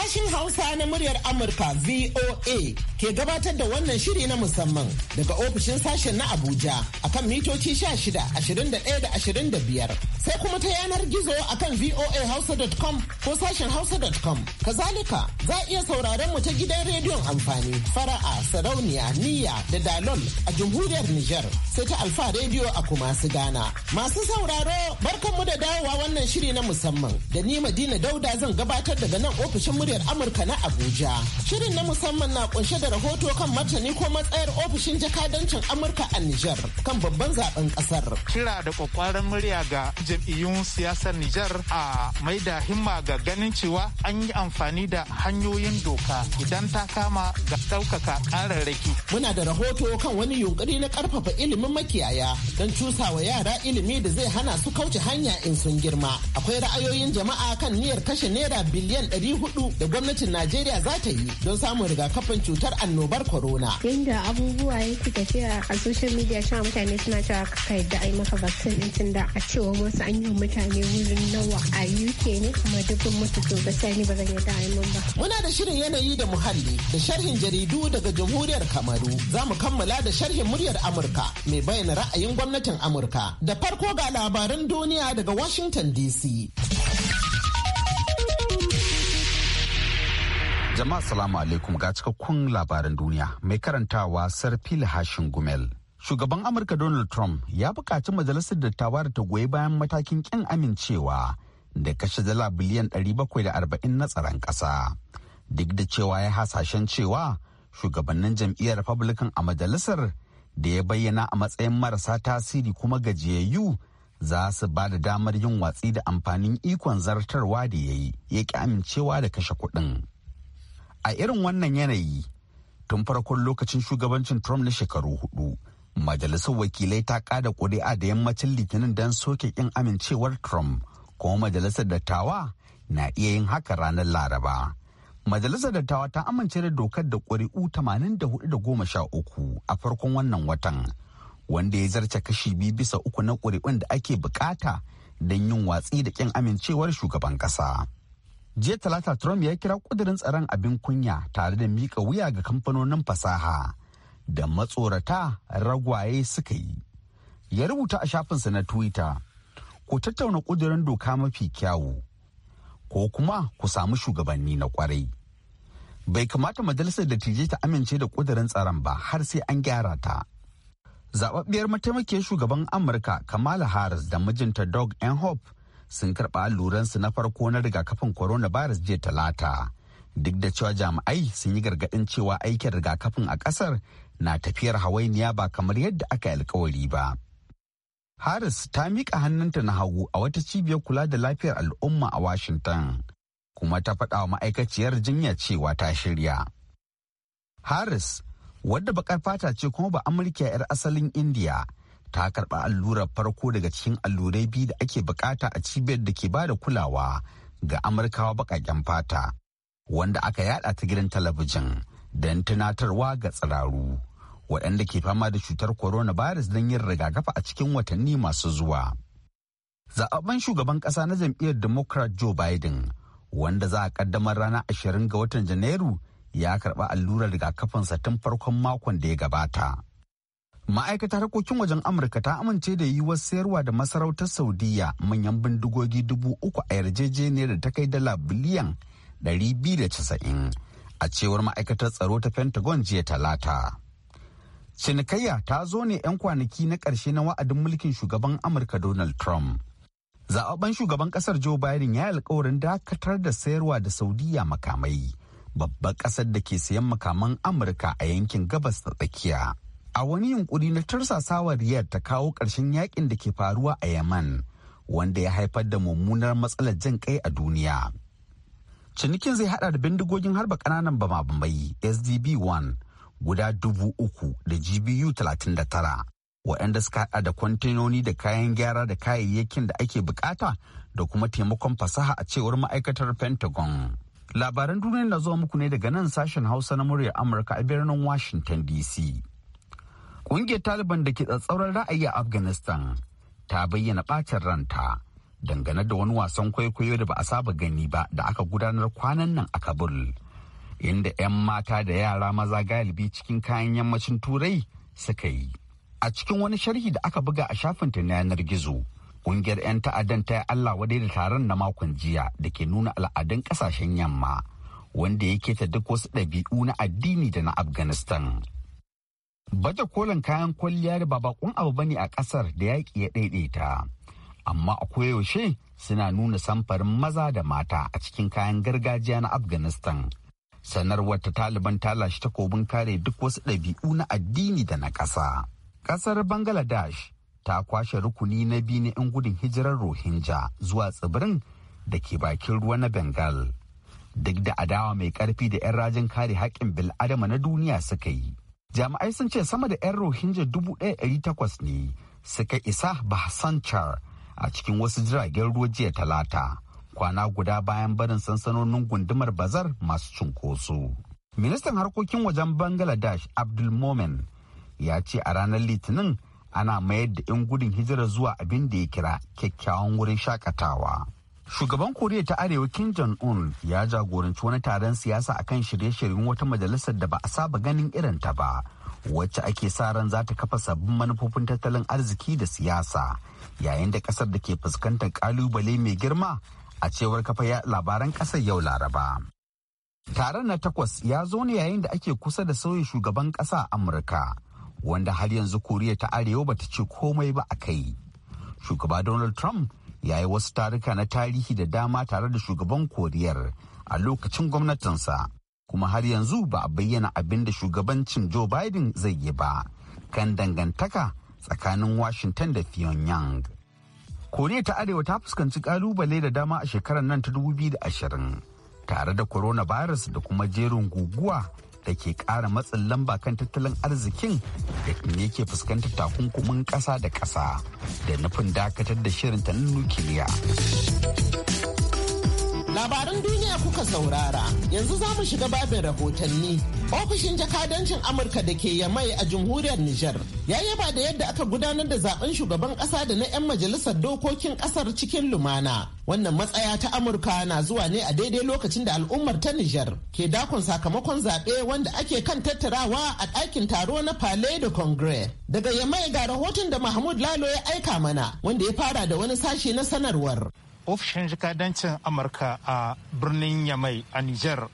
Sashin Hausa na muryar Amurka VOA ke gabatar da wannan shiri na musamman daga ofishin sashen na Abuja akan mitoci 16, 21 da 25. sai kuma ta yanar gizo a akan voahausa.com ko sashen hausa.com. Kazalika za a iya sauraron mu ta gidan rediyon amfani fara'a sarauniya niyya da dalol a jamhuriyar Nijar sai ta alfa rediyo a kuma su gana. Masu sauraro mu da dawowa wannan shiri na musamman da ni Madina Dauda zan gabatar daga nan ofishin muryar Amurka na Abuja. Shirin na musamman na kunshe da rahoto kan martani ko matsayar ofishin jakadancin Amurka a Nijar kan babban zaben kasar. Kira da kwakwaran murya ga jam'iyyun siyasar Nijar a mai da himma ga ganin cewa an yi amfani da hanyoyin doka idan ta kama ga ɗaukaka ƙararraki. Muna da rahoto kan wani yunkuri na ƙarfafa ilimin makiyaya don cusawa yara ilimi da zai hana su kauce hanya in sun girma. Akwai ra'ayoyin jama'a kan niyyar kashe naira biliyan ɗari hudu da gwamnatin Najeriya za ta yi don samun rigakafin cutar annobar korona. Yanda abubuwa yake tafiya a social media shan mutane suna cewa ka yadda a maka vaccine ɗin tun da a cewa wasu an yi wa mutane wurin nawa a uk ne kuma dubin mutu to sai ni ba zan yi ba muna da shirin yanayi da muhalli da sharhin jaridu daga jamhuriyar kamaru za mu kammala da sharhin muryar amurka mai bayyana ra'ayin gwamnatin amurka da farko ga labaran duniya daga washington dc jama'a salamu alaikum ga cikakkun labaran duniya mai karantawa sarfil hashin gumel Shugaban Amurka Donald Trump ya buƙaci majalisar dattawa da ta goyi bayan matakin ƙin amincewa da kashe dala biliyan 740 na tsaron ƙasa. Duk da cewa ya hasashen cewa shugabannin jam'iyyar Republican a majalisar da ya bayyana a matsayin marasa tasiri kuma gajiyayyu za su ba da damar yin watsi da amfanin ikon zartarwa da ya yi ƙi amincewa da kashe kuɗin. A irin wannan yanayi, tun farkon lokacin shugabancin Trump na shekaru hudu, Majalisar wakilai ta kada ƙuri'a da yammacin litinin don soke kin amincewar Trump kuma majalisar dattawa na iya yin haka ranar Laraba. Majalisar dattawa ta amince da dokar da sha 84.13 a farkon wannan watan wanda ya zarce kashi biyu bisa uku na kuri'un da ake bukata don yin watsi da ƙin amincewar shugaban kasa. jiya talata trump ya kira kudirin tsaron abin kunya tare da mika wuya ga kamfanonin fasaha da matsorata ragwaye suka yi ya rubuta a shafinsa na twitter ku tattauna ƙudurin doka mafi kyawu ko kuma ku samu shugabanni na kwarai bai kamata majalisar dattijai ta amince da ƙudurin tsaron ba har sai an gyara ta zababbiyar mataimakin shugaban amurka kamala harris da mijinta dog enhope sun karɓa alluransu na farko na rigakafin coronavirus jiya talata duk da cewa jami'ai sun yi gargaɗin cewa aikin rigakafin a ƙasar na tafiyar hawainiya ba kamar yadda aka alkawari ba. Harris ta miƙa hannunta na hagu a wata cibiyar kula da lafiyar al'umma a Washington, kuma ta faɗa wa ma'aikaciyar jinya cewa ta shirya. Harris, wadda baƙar fata ce kuma ba Amurka 'yar asalin Indiya, ta karɓa allurar farko daga cikin allurai biyu da ake bukata a cibiyar da ke ba da kulawa ga Amurkawa baƙaƙen fata, wanda aka yada ta gidan talabijin don tunatarwa ga tsiraru. waɗanda ke fama da cutar coronavirus don yin rigakafi a cikin watanni masu zuwa. Zaɓaɓɓen shugaban ƙasa na jam'iyyar Democrat Joe Biden, wanda za a ƙaddamar ranar 20 ga watan Janairu, ya karɓa allurar rigakafinsa tun farkon makon da ya gabata. ma'aikata harkokin wajen Amurka ta amince da yiwuwar sayarwa da masarautar Saudiya manyan bindigogi dubu uku a yarjejeniyar da ta kai dala biliyan biyu da casa'in a cewar ma'aikatar tsaro ta Pentagon jiya talata. cinikayya ta zo ne 'yan kwanaki na ƙarshe na wa'adin mulkin shugaban amurka donald trump zaɓaɓɓen shugaban ƙasar joe biden ya yi alkawarin dakatar da sayarwa da saudiya makamai babbar ƙasar da ke sayan makaman amurka a yankin gabas da tsakiya a wani yunkuri na tursasawa riyar ta kawo ƙarshen yakin da ke faruwa a yaman wanda ya haifar da mummunar matsalar jin kai a duniya cinikin zai haɗa da bindigogin harba ƙananan bama-bamai sdb 1 guda dubu uku da GBU 39 waɗanda suka haɗa da kwantenoni da kayan gyara da kayayyakin da ake bukata da kuma taimakon fasaha a cewar ma'aikatar Pentagon. Labaran duniya na zuwa muku ne daga nan sashen Hausa na muryar Amurka a birnin Washington DC. Ƙungiyar Taliban da ke tsatsauran ra'ayi a Afghanistan ta bayyana ɓacin ranta dangane da wani wasan kwaikwayo da ba a saba gani ba da aka gudanar kwanan nan a Kabul. inda 'yan mata da yara maza galibi cikin kayan yammacin turai suka yi a cikin wani sharhi da aka buga a shafin ta na yanar gizo ƙungiyar 'yan ta'addan ta yi allah wadai da taron na makon jiya da ke nuna al'adun ƙasashen yamma wanda ya keta duk wasu ɗabi'u na addini da na afghanistan Baje kolin kayan kwalliya da ba abu bane a ƙasar da yaƙi ya ɗaiɗaita amma a koyaushe suna nuna samfarin maza da mata a cikin kayan gargajiya na afghanistan sanarwar ta taliban ta lashe takobin kare duk wasu ɗabi'u na addini da na ƙasa ƙasar bangladesh ta kwashe rukuni na biyu na 'yan gudun hijirar rohingya zuwa tsibirin da ke bakin ruwa na bengal duk da adawa mai ƙarfi da 'yan rajin kare haƙƙin bil'adama na duniya suka yi jami'ai sun ce sama da 'yan rohingya takwas ne suka isa bahsan char a cikin wasu jiragen ruwa jiya talata kwana guda bayan barin sansanonin gundumar bazar masu cunkoso. Ministan harkokin wajen Bangladesh Abdul Momen ya ce a ranar Litinin ana mayar da 'yan gudun hijira zuwa abin da ya kira kyakkyawan wurin shakatawa. Shugaban Koriya ta Arewa Kim Jong-un ya jagoranci wani taron siyasa akan shirye-shiryen wata majalisar da ba a saba ganin irin ta ba, wacce ake sa ran za ta kafa sabbin manufofin tattalin arziki da siyasa, yayin da kasar da ke fuskantar kalubale mai girma a cewar kafa labaran kasar yau laraba taron na takwas ya zo ne yayin da ake kusa da sauya shugaban ƙasa amurka wanda har yanzu koriya ta arewa bata ce komai ba a kai shugaba donald trump ya yi wasu taruka na tarihi da dama tare da shugaban koriyar a lokacin gwamnatinsa kuma har yanzu ba a bayyana abin da shugabancin joe biden zai yi ba kan dangantaka tsakanin washington da pyongyang koriya ta arewa ta fuskanci kalubale da dama a shekarar nan ta 2020 tare da coronavirus da kuma jerin guguwa da ke kara matsin lamba kan tattalin arzikin da ne ke fuskantar takunkumin kasa da kasa da nufin dakatar da shirin ta nukiliya. Labaran duniya kuka saurara, yanzu za mu shiga babin rahotanni. Ofishin jakadancin Amurka da ke Yamai a Jamhuriyar Nijar ya yaba da yadda aka gudanar da zaben shugaban kasa da na 'yan majalisar dokokin kasar cikin lumana. Wannan matsaya ta Amurka na zuwa ne a daidai lokacin da al'ummar ta Nijar ke dakon sakamakon zaɓe wanda ake kan tattarawa a ɗakin taro na Palais de Congrès. Daga Yamai ga rahoton da Mahmud Lalo ya aika mana wanda ya fara da wani sashe na sanarwar. ofishin jikadancin amurka a birnin yamai a niger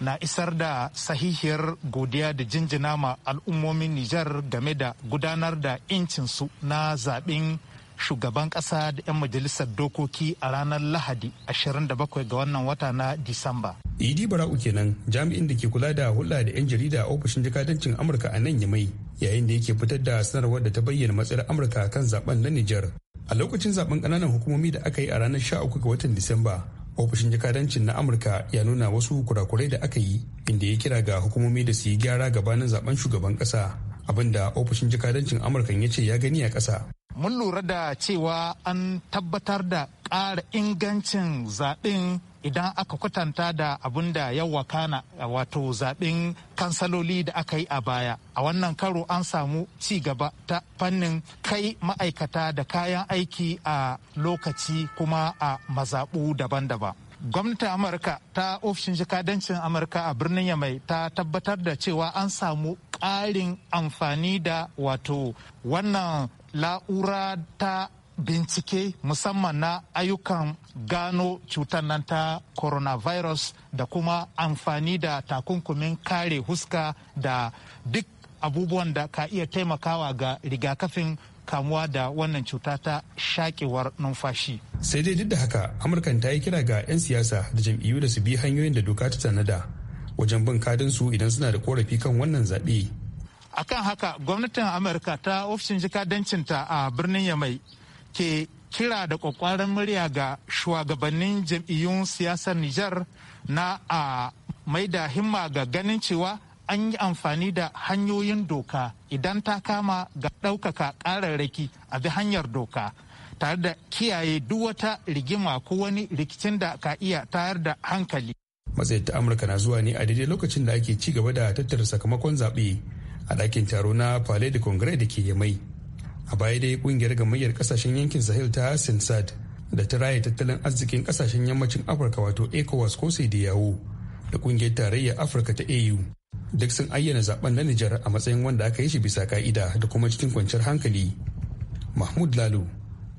na isar da sahihiyar godiya da jinjina ma al'ummomin niger game da gudanar da incinsu na zaɓen shugaban ƙasa da 'yan majalisar dokoki a ranar lahadi 27 ga wannan wata na disamba idi bara'u kenan jami'in da ke kula da hulɗa da 'yan jarida a ofishin jikadancin amurka a nan yamai yayin da yake fitar da sanarwar da ta bayyana matsayar amurka kan zaben na niger a lokacin zaben ƙananan hukumomi da aka yi a ranar 13 ga watan disamba ofishin jakadancin na amurka ya nuna wasu kurakurai da aka yi inda ya kira ga hukumomi da su yi gyara gabanin zaben shugaban ƙasa abinda ofishin jakadancin amurka ya ce ya gani a ƙasa mun lura da cewa an tabbatar da ƙara ingancin zaɓen idan aka kwatanta da abin da ya wakana wato zaɓen kansaloli da aka yi a baya a wannan karo an samu ci gaba ta fannin kai ma'aikata da kayan aiki a lokaci kuma a mazaɓu daban-daban gwamnatin amurka ta ofishin jikadancin amurka a birnin yamai ta tabbatar da cewa an samu ƙarin amfani da wato wannan la'ura ta bincike musamman na ayyukan gano cutar nan ta coronavirus da kuma amfani da takunkumin kare huska da duk abubuwan da ka iya taimakawa ga rigakafin kamuwa da wannan cuta ta shakewar numfashi. sai dai duk da haka amurkan ta yi kira ga 'yan siyasa da jam'iyyu da su bi hanyoyin da doka ta tanada wajen bin su idan suna da korafi kan wannan zaɓe. akan haka gwamnatin amurka ta ofishin jikadancinta a birnin yamai ke kira da kwakwaran murya ga shugabannin jam'iyyun siyasar Nijar na a mai da himma ga ganin cewa an yi amfani da hanyoyin doka idan ta kama ga ɗaukaka ƙararraki a bi hanyar doka tare da kiyaye duk wata rigima ko wani rikicin da ka iya tayar da hankali. matsayin ta amurka na zuwa ne a daidai lokacin da ake ci gaba da tattara sakamakon zaɓe a ɗakin taro na palais de congrès da ke yamai a baya dai kungiyar gamayyar kasashen yankin sahel ta sinsad da ta raya tattalin arzikin kasashen yammacin afirka wato ecowas ko sai da yawo da kungiyar tarayyar afirka ta au duk sun ayyana zaben na nijar a matsayin wanda aka yi shi bisa ka'ida da kuma cikin kwanciyar hankali mahmud lalu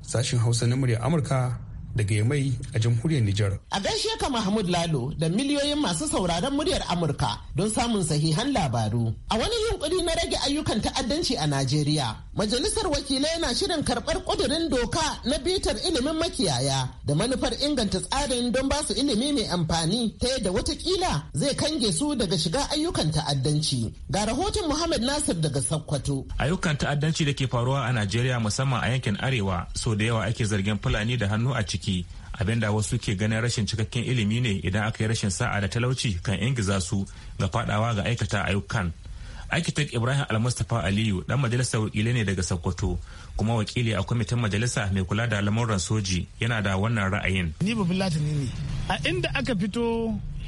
sashin hausa na murya amurka daga Yamai a jamhuriyar Nijar. A gaishe ka Mahmud Lalo da miliyoyin masu sauraron muryar Amurka don samun sahihan labaru. A wani yunkuri na rage ayyukan ta'addanci a Najeriya, Majalisar Wakilai na shirin karɓar ƙudurin doka na bitar ilimin makiyaya da manufar inganta tsarin don ba su ilimi mai amfani ta yadda watakila zai kange su daga shiga ayyukan ta'addanci. Ga rahoton Muhammad Nasir daga Sokoto. Ayyukan ta'addanci da ke faruwa a Najeriya musamman a yankin Arewa sau da yawa ake zargin Fulani da hannu a ciki abin da wasu ke ganin rashin cikakken ilimi ne idan aka yi rashin sa'a da talauci kan ingiza su ga fadawa ga aikata ayyukan architect ibrahim almustapha aliyu dan majalisar wakili ne daga sokoto kuma wakili a kwamitin majalisa mai kula da lamuran soji yana da wannan ra'ayin ni babin latini ne a inda aka fito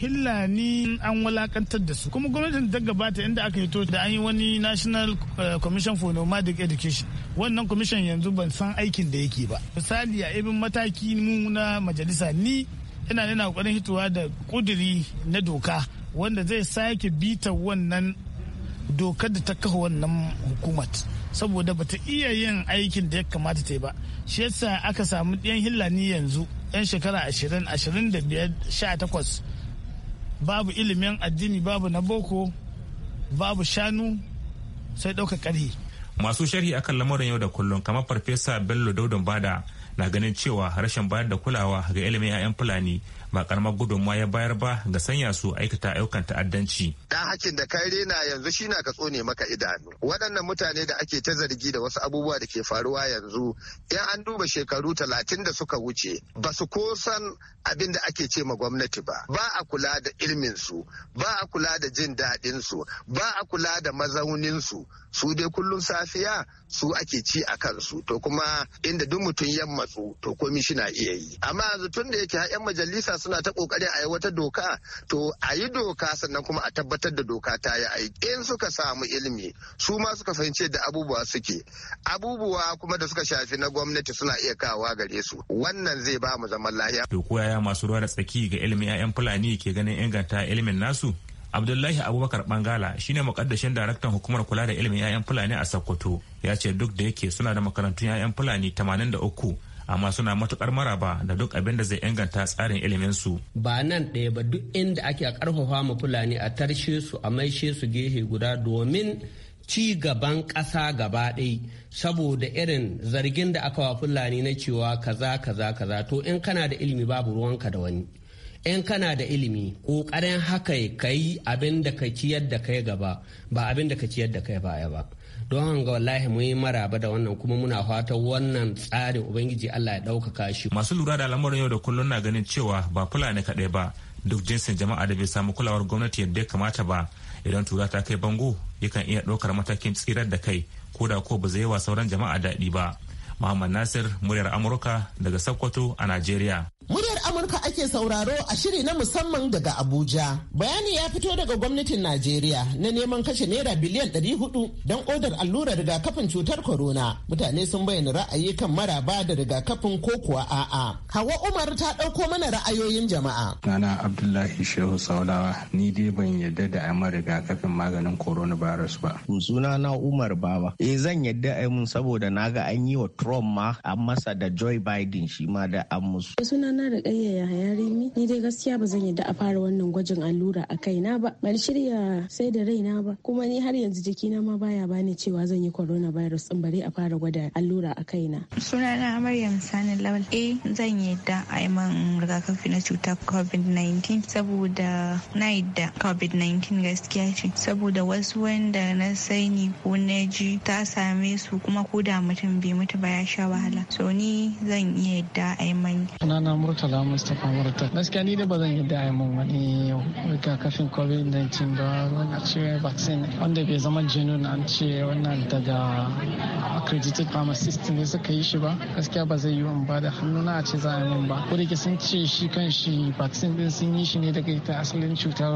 hillani an walakantar da su kuma gwamnatin ta gabata inda aka hito da an yi wani national eh, commission for nomadic education wannan commission yanzu ban san aikin da yake ba misali a ibin mataki mu na majalisa ni ina nuna kwarin hitowa da kuduri na doka wanda zai sake bita wannan dokar da ta kafa wannan hukumat saboda ba ta iya yin aikin da ya kamata ta yi ba shi yasa aka samu ɗiyan hillani yanzu 'yan shekara 20 25 18 babu ilimin addini babu na boko babu shanu sai ɗauka ƙarhi masu sharhi akan lamarin yau da kullum kamar farfesa bello daudin bada na ganin cewa rashin bayar da kulawa ga ilimin 'ya'yan fulani ba karamar gudunmawa ya bayar ba ga sanya su aikata ayyukan ta'addanci. Dan hakin da kai rena yanzu shi na ka tsone maka idanu. Waɗannan mutane da ake ta zargi da wasu abubuwa da ke faruwa yanzu in an duba shekaru talatin da suka wuce ba su ko san abin da ake ce ma gwamnati ba. Ba a kula da ilmin su, ba a kula da jin daɗin su, ba a kula da mazaunin su. Su dai kullum safiya su ake ci a kansu to kuma inda duk mutum ya matsu to komi shi na iya yi. Amma yanzu tun da yake 'yan majalisa suna ta kokarin a yi wata doka to a yi doka sannan kuma a tabbatar da doka ta yi aiki in suka samu ilimi su ma suka fahimci da abubuwa suke abubuwa kuma da suka shafi na gwamnati suna iya kawa gare su wannan zai ba mu zaman lafiya to ko yaya masu ruwa da tsaki ga ilimin 'ya'yan fulani ke ganin inganta ilimin nasu abdullahi abubakar bangala shine mukaddashin daraktan hukumar kula da ilimin 'ya'yan fulani a sokoto ya ce duk da yake suna da makarantun 'ya'yan fulani 83 amma suna matukar maraba da duk abin da zai inganta tsarin ilimin su ba nan ɗaya ba duk inda ake karfafa ma fulani a tarshe su a maishe su gehe guda domin ci gaban ƙasa gaba ɗai saboda irin zargin da aka wa fulani na cewa kaza kaza kaza to in kana da ilimi babu ruwanka da wani in kana da ilimi kokarin haka ka yi abin da ka ciyar da kai gaba ba abin da ka ciyar da kai baya ba don hanga wallahi mu yi maraba da wannan kuma muna fatan wannan tsarin ubangiji Allah ya ɗaukaka shi masu lura da al'amuran yau da kullum na ganin cewa ba fulani kaɗai ba duk jinsin jama'a da bai samu kulawar gwamnati yadda ya kamata ba idan tura ta kai bango yakan iya ɗaukar matakin tsirar da kai ko da ko ba zai yi wa sauran jama'a daɗi ba muhammad nasir muryar amurka daga sokoto a najeriya Muryar Amurka ake sauraro a shiri na musamman daga Abuja. Bayani ya fito daga gwamnatin Najeriya na neman kashe naira biliyan 400 don odar allurar rigakafin cutar corona. Mutane sun bayyana ra'ayi kan maraba da rigakafin ko kuwa a'a. Hawa Umar ta ɗauko mana ra'ayoyin jama'a. Nana Abdullahi Shehu Saulawa ni dai ban yadda da amma rigakafin maganin coronavirus ba. Suna na Umar Baba. Eh zan yadda a mun saboda naga an yi wa Trump ma an masa da Joe Biden shi ma da an musu. da Rukayya Yahaya Rimi ni ni dai gaskiya ba zan yadda a fara wannan gwajin allura a kaina ba ban shirya sai da raina ba kuma ni har yanzu jikina ma baya bani cewa zan yi corona coronavirus in bare a fara gwada allura a kaina. Sunana Maryam Sani Lawal eh zan yadda a yi man rigakafi na cuta COVID-19 saboda na yadda COVID-19 gaskiya ce saboda wasu wanda na sani ko na ji ta same su kuma ko da mutum bai mutu ba ya sha wahala so ni zan iya yadda a yi man. murtala mustapha murtala gaskiya ni da ba zan yadda a yi mun wani rigakafin covid-19 ba wani ce vaccine wanda bai zama genuine an ce wannan daga accredited pharmacist ne suka yi shi ba gaskiya ba zai yi in ba da hannuna a ce za a yi mun ba ko da sun ce shi kan shi vaccine din sun yi shi ne daga ita asalin cutar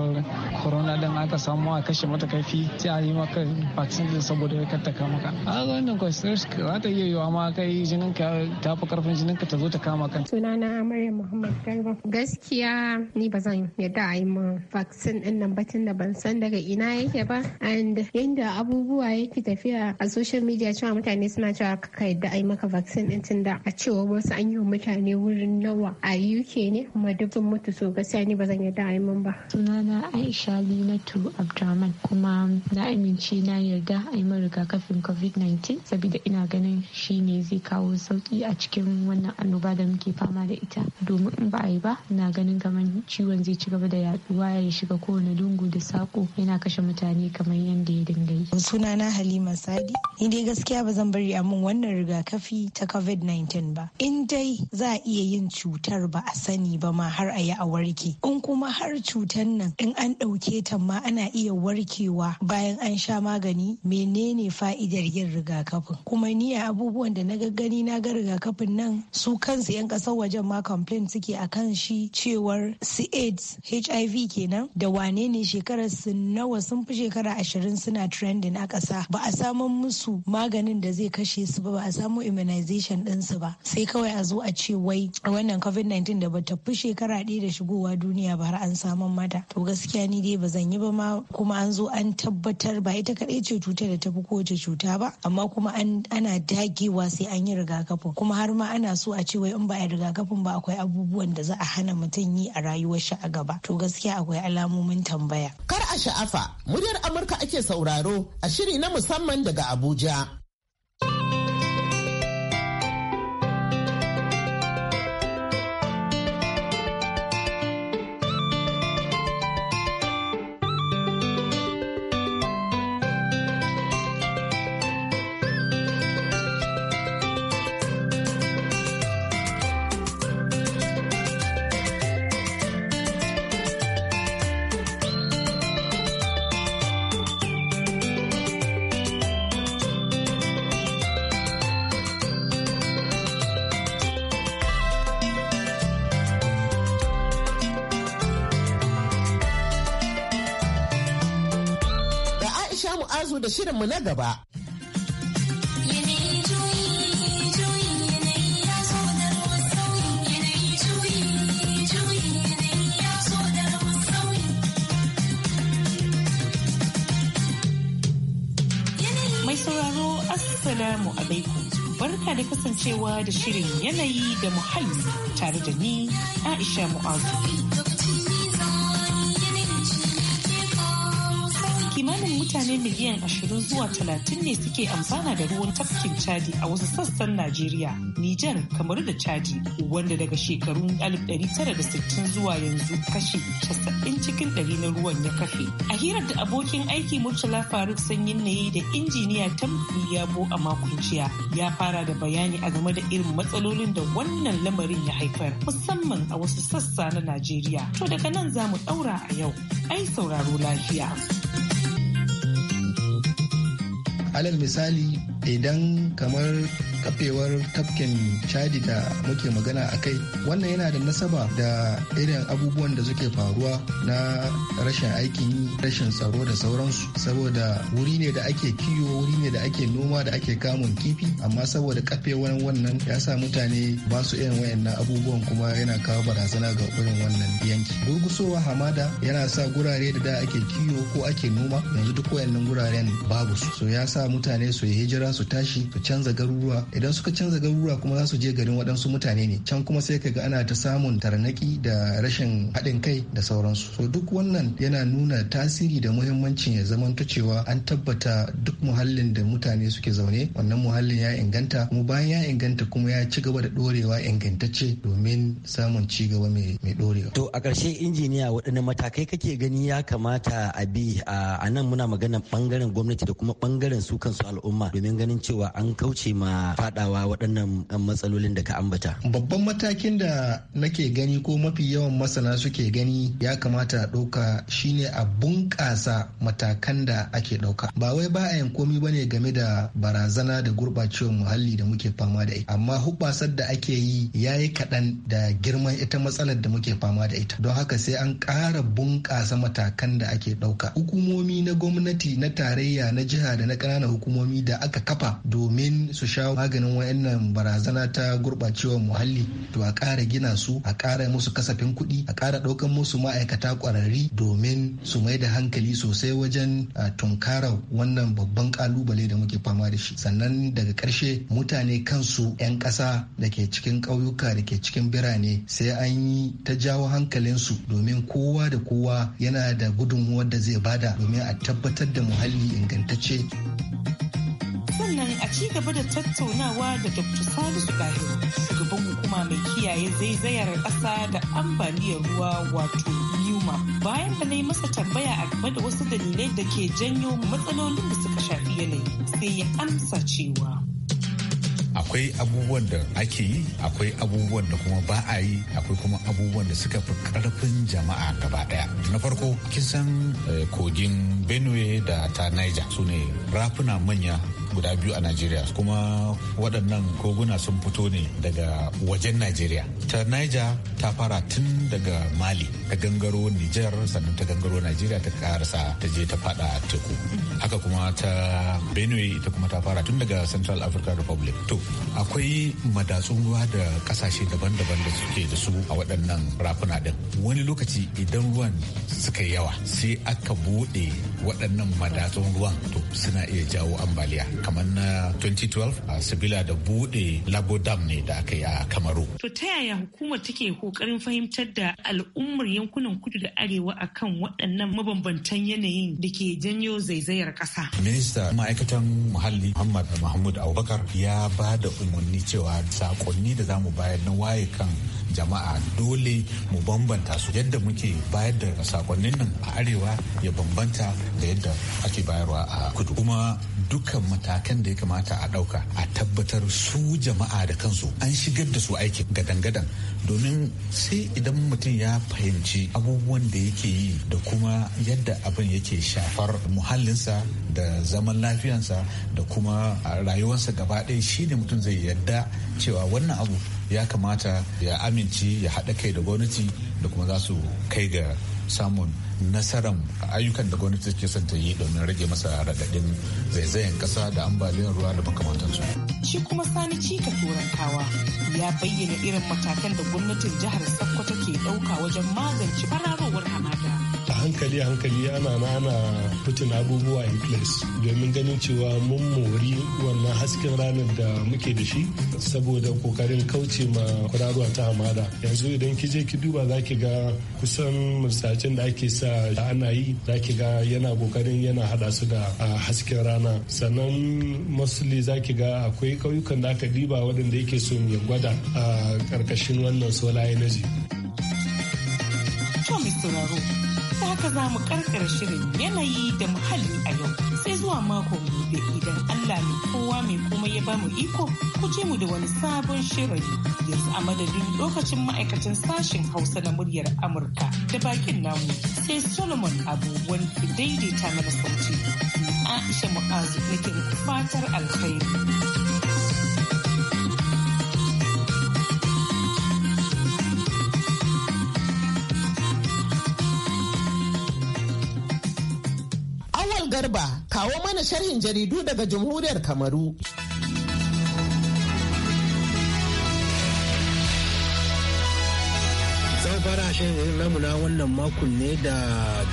corona din aka samu a kashe mata kaifi sai a yi maka vaccine din saboda ya kama ka a wannan kwasirar za ta iya yiwa ma kai jinin ka ta fi karfin jinin ka ta zo ta kama kan sunana Maryam Muhammad Garba. Gaskiya ni ba zan yadda a yi min vaccine din nan batun da ban san daga ina yake ba. And yadda abubuwa yake tafiya a social media cewa mutane suna cewa ka yadda a yi maka vaccine din tun da a cewa wasu an yi wa mutane wurin nawa a UK ne kuma duk sun mutu so gaskiya ni ba zan yadda a yi min ba. Sunana Aisha Linatu Abdurrahman kuma na amince na yarda a yi min rigakafin COVID-19 saboda ina ganin shi ne zai kawo sauki a cikin wannan annoba da muke fama da ita. domin in ba a yi ba na ganin kamar ciwon zai ci gaba da yaduwa ya shiga kowane dungu da sako yana kashe mutane kamar yadda ya dinga yi. sunana halima sadi ni dai gaskiya ba zan bari a min wannan rigakafi ta covid-19 ba in dai za a iya yin cutar ba a sani ba ma har a yi a warke in kuma har cutar nan in an ɗauke ta ma ana iya warkewa bayan an sha magani menene fa'idar yin rigakafin kuma ni a abubuwan da na gani na ga rigakafin nan su kansu 'yan ƙasar wajen ma complaint suke a kan shi cewar su AIDS HIV kenan da wane ne shekarar su nawa sun fi shekara ashirin suna trending a ƙasa ba a samu musu maganin da zai kashe su ba ba a samu immunization ɗinsu ba sai kawai a zo a ce wai wannan covid-19 da bata fi shekara ɗaya da shigowa duniya ba har an samu mata to gaskiya ni dai ba zan yi ba ma kuma an zo an tabbatar ba ita kaɗai ce cuta da ta fi kowace cuta ba amma kuma ana dagewa sai an yi rigakafin kuma har ma ana so a ce wai in ba a rigakafin ba akwai akwai abubuwan da za a hana mutum yi a rayuwar shi a gaba to gaskiya akwai alamomin tambaya kar a sha'afa muryar amurka ake sauraro a shiri na musamman daga abuja da shirinmu na gaba. Assalamu alaikum. Barka da kasancewa da shirin yanayi da muhalli tare da ni Aisha Mu'azu. kimanin mutane miliyan 20 zuwa 30 ne suke amfana da ruwan tafkin chadi a wasu sassan najeriya nijar kamar da chadi wanda daga shekarun 1960 zuwa yanzu kashi 90 cikin 100 na ruwan ya kafe a hirar da abokin aiki murtala faruk sanyin ne da injiniya ta yabo a makon ya fara da bayani a game da irin matsalolin da wannan lamarin ya haifar musamman a wasu sassa na najeriya to daga nan za mu daura a yau ai sauraro lafiya. alal misali idan kamar kafewar tafkin chadi da muke magana a kai wannan yana da nasaba da irin abubuwan da suke faruwa na rashin aikin yi rashin tsaro da sauransu saboda wuri ne da ake kiwo wuri ne da ake noma da ake kamun kifi amma saboda kafewar wannan ya sa mutane ba su irin wayannan abubuwan kuma yana kawo barazana ga irin wannan yanki durgusowa hamada yana sa gurare da da ake kiwo ko ake noma yanzu duk wayannan guraren babu su ya sa mutane su yi hijira za su tashi su canza garuruwa idan suka canza garuruwa kuma za su je garin waɗansu mutane ne can kuma sai ka ga ana ta samun tarnaki da rashin haɗin kai da sauransu so duk wannan yana nuna tasiri da muhimmancin ya ta cewa an tabbata duk muhallin da mutane suke zaune wannan muhallin ya inganta kuma bayan ya inganta kuma ya ci gaba da ɗorewa ingantacce domin samun ci gaba mai ɗorewa. To a ƙarshe injiniya waɗanne matakai kake gani ya kamata a bi a nan muna maganar ɓangaren gwamnati da kuma ɓangaren su kansu al'umma domin ganin cewa an kauce ma fadawa waɗannan eh, matsalolin da ka ambata? Babban matakin da nake gani ko mafi yawan masana suke gani ya kamata a ɗauka shine a bunƙasa matakan da ake ɗauka. Ba wai ba a yin komi ba ne game da barazana da gurɓacewar muhalli da muke fama da ita. Amma hubbasar da ake yi ya yi kaɗan da girman ita matsalar da muke fama da ita. Don haka sai an ƙara bunƙasa matakan da ake ɗauka. Hukumomi na gwamnati na tarayya na jiha da na ƙananan hukumomi da aka kafa domin su sha maganin wayannan barazana ta gurɓacewar muhalli to a ƙara gina su a ƙara musu kasafin kuɗi a ƙara ɗaukan musu ma'aikata ƙwararri domin su mai da hankali sosai wajen tunkarar wannan babban ƙalubale da muke fama da shi sannan daga ƙarshe mutane kansu 'yan ƙasa da ke cikin ƙauyuka da ke cikin birane sai an yi ta jawo hankalinsu domin kowa da kowa yana da gudunmuwar da zai bada domin a tabbatar da muhalli ingantacce. sannan a ci gaba da tattaunawa da dr salisu dahiru shugaban hukuma mai kiyaye zaizayar ƙasa da ambaliyar ruwa wato yuma bayan da na yi masa tambaya a game da wasu dalilai da ke janyo matsalolin da suka shafi yanayi sai ya amsa cewa akwai abubuwan da ake yi akwai abubuwan da kuma ba a yi akwai kuma abubuwan da suka fi karfin jama'a gaba daya na farko kisan eh, kogin benue da ta niger su ne rafuna manya guda biyu a Najeriya kuma waɗannan koguna sun fito ne daga wajen Najeriya. Ta Niger ta fara tun daga Mali ta gangaro Niger sannan ta gangaro Najeriya ta karasa ta je ta fada teku. Haka kuma ta Benue ita kuma ta fara tun daga Central African Republic. To akwai madatsun ruwa da kasashe daban-daban da suke da su a waɗannan rafuna ɗin. Wani lokaci idan ruwan suka yawa sai aka buɗe waɗannan madatsun ruwan to suna iya jawo ambaliya kamar na 2012 a sabila da buɗe lago dam ne da aka yi a kamaru to ta yaya hukumar take kokarin fahimtar da al'ummar yankunan kudu da arewa akan waɗannan mabambantan yanayin da ke janyo zaizayar ƙasa minista ma'aikatan muhalli muhammad mahmud abubakar ya ba da umarni cewa sakonni da zamu bayar na waye kan jama'a dole mu bambanta su yadda muke bayar da sakonnin nan a arewa ya bambanta da yadda ake bayarwa a kudu kuma dukkan matakan da ya kamata a ɗauka a tabbatar su jama'a da kansu an shigar da su aiki gadan-gadan domin sai idan mutum ya fahimci abubuwan da yake yi da kuma yadda abin yake shafar muhallinsa da zaman lafiyansa da kuma rayuwarsa gaba ɗaya shi ne mutum zai yadda cewa wannan abu ya kamata ya amince ya haɗa kai da gwamnati da kuma za su kai ga samun nasarar ayyukan da gwamnati ke son ta yi domin rage masa raɗaɗin zaizayen ƙasa da ambaliyar ruwa da makamantansu. Shi kuma sani cika turankawa ya bayyana irin matakan da gwamnatin jihar Sokoto ke ɗauka wajen magance fararowar hamada. hankali hankali ana na ana fitin abubuwa in place domin ganin cewa mun mori wannan hasken ranar da muke da shi saboda kokarin kauce ma kuraruwa ta hamada yanzu idan ki je ki duba za ki ga kusan mursacin da ake sa ana yi za ki ga yana kokarin yana hada su da hasken rana sannan masuli za ki ga akwai kauyukan da aka diba waɗanda yake son ya gwada a ƙarƙashin wannan solar energy. haka za mu karkar shirin yanayi da muhalli a yau sai zuwa mako gobe idan Allah mai kowa mai kuma ya bamu iko ku je mu da wani sabon shirin yanzu a madadin lokacin ma'aikacin sashen hausa na muryar Amurka da bakin namu sai Solomon abubuwan daidaita mana sauti. Aisha Mu'azu nake fatar alkhairi. Garba, kawo mana sharhin jaridu daga Jamhuriyar Kamaru. ƙarshen shirin namu na wannan makon ne da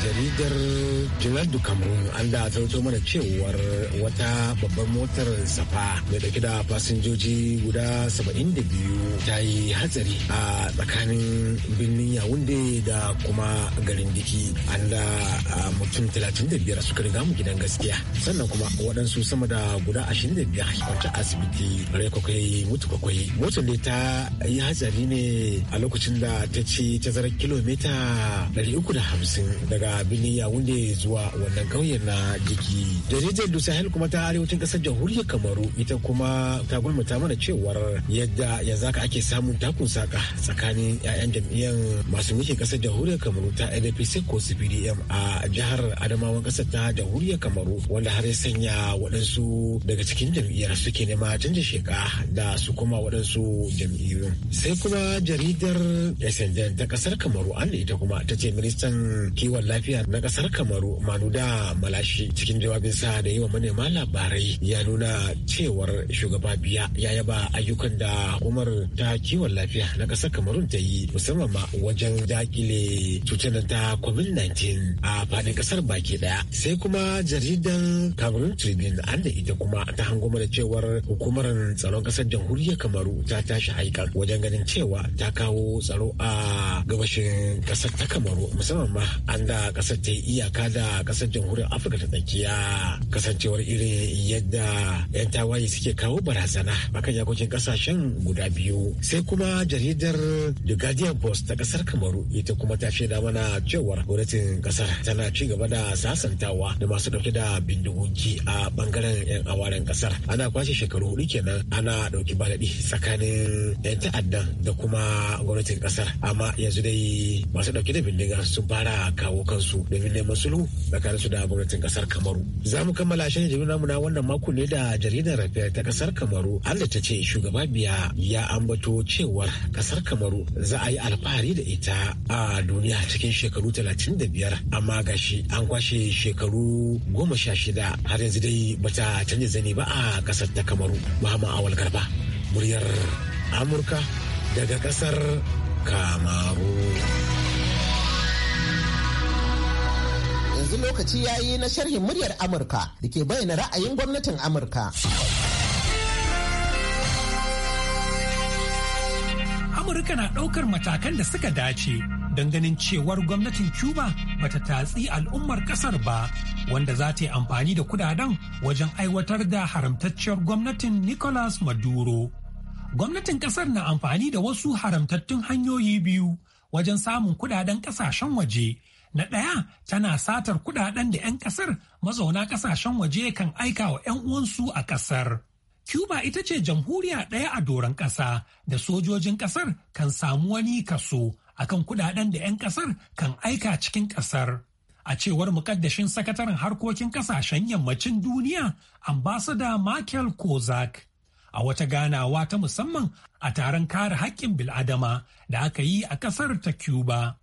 jaridar Gerard du Cameroon an da zauto mana cewar wata babbar motar safa mai dauke da fasinjoji guda 72 ta yi hatsari a tsakanin birnin Yawunde da kuma garin Diki an da mutum 35 suka riga mu gidan gaskiya sannan kuma waɗansu sama da guda 25 kwanci asibiti rai kwakwai mutu kwakwai motar ne ta yi hatsari ne a lokacin da ta ce ta tazarar kilomita 350 daga birnin wunde zuwa wannan ƙauyen na jiki jaridar du sahel kuma ta arewacin kasar jamhuriyar kamaru ita kuma ta gulmata mana cewar yadda yanzu haka ake samun takun saka tsakanin 'ya'yan jam'iyyar masu mulki kasar jamhuriyar kamaru ta nfc ko cpdm a jihar adamawan kasar ta jamhuriyar kamaru wanda har ya sanya waɗansu daga cikin jam'iyyar suke nema canja sheka da su kuma waɗansu jam'iyyu sai kuma jaridar sndn ta kasar kamaru an ita kuma ta ce ministan kiwon lafiya na kasar kamaru manuda malashi cikin jawabinsa da yi wa manema labarai ya nuna cewar shugaba biya ya yaba ayyukan da hukumar ta kiwon lafiya na kasar kamaru ta yi musamman ma wajen dakile cutar ta covid-19 a faɗin kasar baki daya sai kuma jaridan Kamaru tribune an da ita kuma ta hango da cewar hukumar tsaron kasar jamhuriyar kamaru ta tashi haikan wajen ganin cewa ta kawo tsaro a gabashin arewacin kasar ta kamaru musamman ma an da kasar ta iyaka da kasar jamhuriyar afirka ta tsakiya kasancewar iri yadda yan tawaye suke kawo barazana akan yakokin kasashen guda biyu sai kuma jaridar the guardian post ta kasar kamaru ita kuma ta shaida mana cewar gwamnatin ƙasar tana ci gaba da sasantawa da masu dauke da bindigogi a bangaren yan awaren kasar ana kwashe shekaru hudu kenan ana ɗauki baladi tsakanin yan ta'addan da kuma gwamnatin ƙasar amma yanzu dai masu dauke da bindiga sun fara kawo kansu domin neman sulhu tsakanin su da gwamnatin kasar kamaru za mu kammala shirin jirgin namu na wannan mako ne da jaridar rafiya ta kasar kamaru an da ta ce shugaba biya ya ambato cewar kasar kamaru za a yi alfahari da ita a duniya cikin shekaru talatin da biyar amma gashi an kwashe shekaru goma sha shida har yanzu dai bata canza zane ba a kasar ta kamaru muhammad awal garba muryar amurka daga kasar kamaru yanzu lokaci ya yi na sharhin muryar amurka da ke bayyana ra'ayin gwamnatin amurka amurka na ɗaukar matakan da suka dace don ganin cewar gwamnatin cuba bata tatsi al'ummar ƙasar ba wanda za ta yi amfani da kudaden wajen aiwatar da haramtacciyar gwamnatin nicolas maduro Gwamnatin ƙasar na amfani da wasu haramtattun hanyoyi biyu wajen samun kudaden ƙasashen waje. Na ɗaya tana satar kudaden da 'yan ƙasar mazauna ƙasashen waje kan aika wa 'yan uwansu a ƙasar. Cuba ita ce jamhuriya ɗaya a doron ƙasa da sojojin ƙasar kan samu wani kaso akan kudaden da 'yan ƙasar kan aika cikin ƙasar. A cewar mukaddashin sakataren harkokin ƙasashen yammacin duniya, ambasada Michael Kozak. a wata ganawa ta musamman a taron kare hakkin bil'adama da aka yi a ƙasar ta Cuba.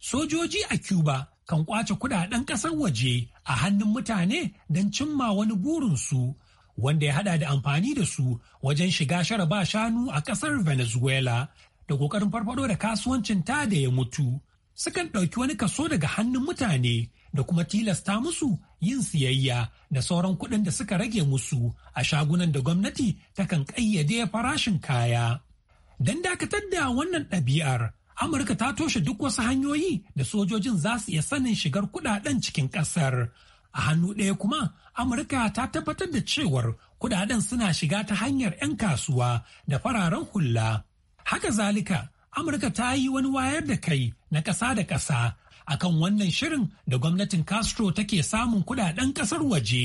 Sojoji a Cuba kan kwace kudaden ƙasar waje a hannun mutane don cimma wani burinsu wanda ya haɗa da amfani da su wajen shiga shara ba shanu a ƙasar Venezuela da ƙoƙarin farfado da kasuwancin ta da ya mutu. Sukan ɗauki wani kaso daga hannun mutane da kuma tilasta musu yin siyayya da sauran kuɗin da suka rage musu a shagunan da gwamnati takan ƙayyade farashin kaya. Don dakatar da wannan ɗabi'ar, Amurka ta toshe duk wasu hanyoyi da sojojin za su iya sanin shigar kuɗaɗen cikin ƙasar. A hannu ɗaya kuma, Amurka ta tabbatar da cewar kuɗaɗen suna shiga ta hanyar 'yan kasuwa da fararen hula. Haka zalika, Amurka ta yi wani wayar da kai na ƙasa da ƙasa akan wannan shirin da gwamnatin Castro take samun kudaden kasar waje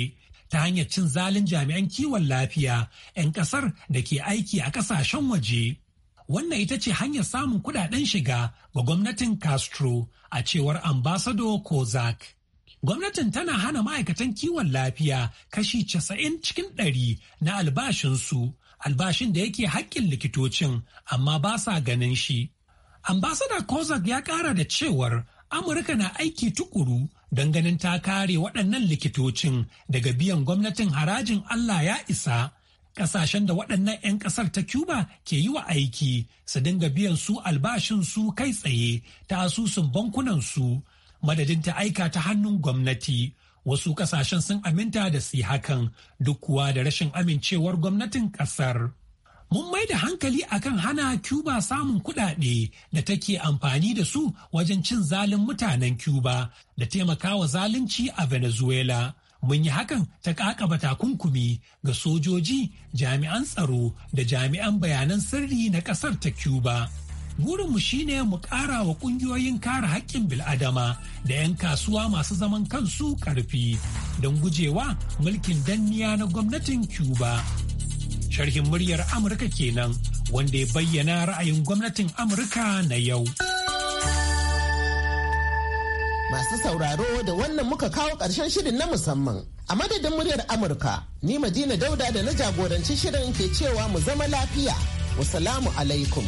ta hanyar cin zalin jami'an kiwon lafiya 'yan kasar da ke aiki a kasashen waje. Wannan ita ce hanyar samun kudaden shiga ga gwamnatin Castro a cewar ambasado Kozak. Gwamnatin tana hana ma'aikatan kiwon lafiya kashi casa'in cikin ɗari na albashinsu, albashin da yake haƙƙin likitocin amma ba sa ganin shi. Ambasada Kozak ya ƙara da cewar Amurka na aiki tukuru don ganin ta kare waɗannan likitocin daga biyan gwamnatin harajin Allah ya isa. Ƙasashen da waɗannan 'yan ƙasar ta Cuba ke yi wa aiki su dinga biyan su albashin su kai tsaye ta asusun bankunan su madadin ta aika ta hannun gwamnati. Wasu ƙasashen sun aminta da su hakan duk kuwa da rashin amincewar gwamnatin ƙasar. mun mai da hankali akan hana Cuba samun kudade da take amfani da su wajen cin zalin mutanen Cuba da taimakawa zalunci a Venezuela. Mun yi hakan ta kakaba takunkumi ga sojoji, jami'an tsaro da jami'an bayanan sirri na kasar ta Cuba. Burinmu shine mu kara wa kungiyoyin kare haƙƙin bil'adama da 'yan kasuwa masu zaman kansu ƙarfi don gujewa mulkin danniya na gwamnatin Cuba. sharhin muryar Amurka kenan wanda ya bayyana ra'ayin gwamnatin Amurka na yau. Masu sauraro da wannan muka kawo ƙarshen shirin na musamman. A madadin muryar Amurka, ni Madina Dauda da na jagoranci shirin ke cewa mu zama lafiya. Wasalamu alaikum.